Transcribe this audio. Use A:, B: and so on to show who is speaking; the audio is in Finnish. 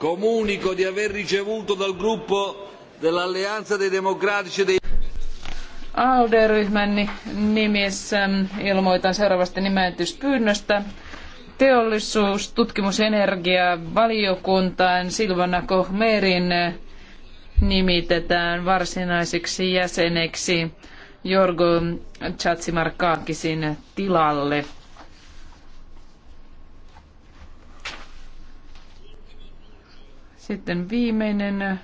A: Comunico di aver ricevuto dal gruppo dell'Alleanza dei Democratici dei...
B: ALDE-ryhmän nimissä ähm, ilmoitan seuraavasta nimetyspyynnöstä teollisuus, tutkimus ja energia valiokuntaan Silvana Kohmerin äh, nimitetään varsinaiseksi jäseneksi Jorgo Chatsimarkaakisin tilalle.
C: Sitten viimeinen